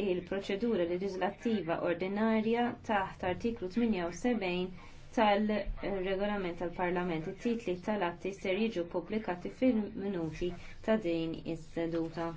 il-proċedura leġislattiva ordinarja taħt artiklu 78 tal-regolament tal-Parlament. It-titli tal-atti ser jiġu ppubblikati fil-minuti ta' din is-seduta.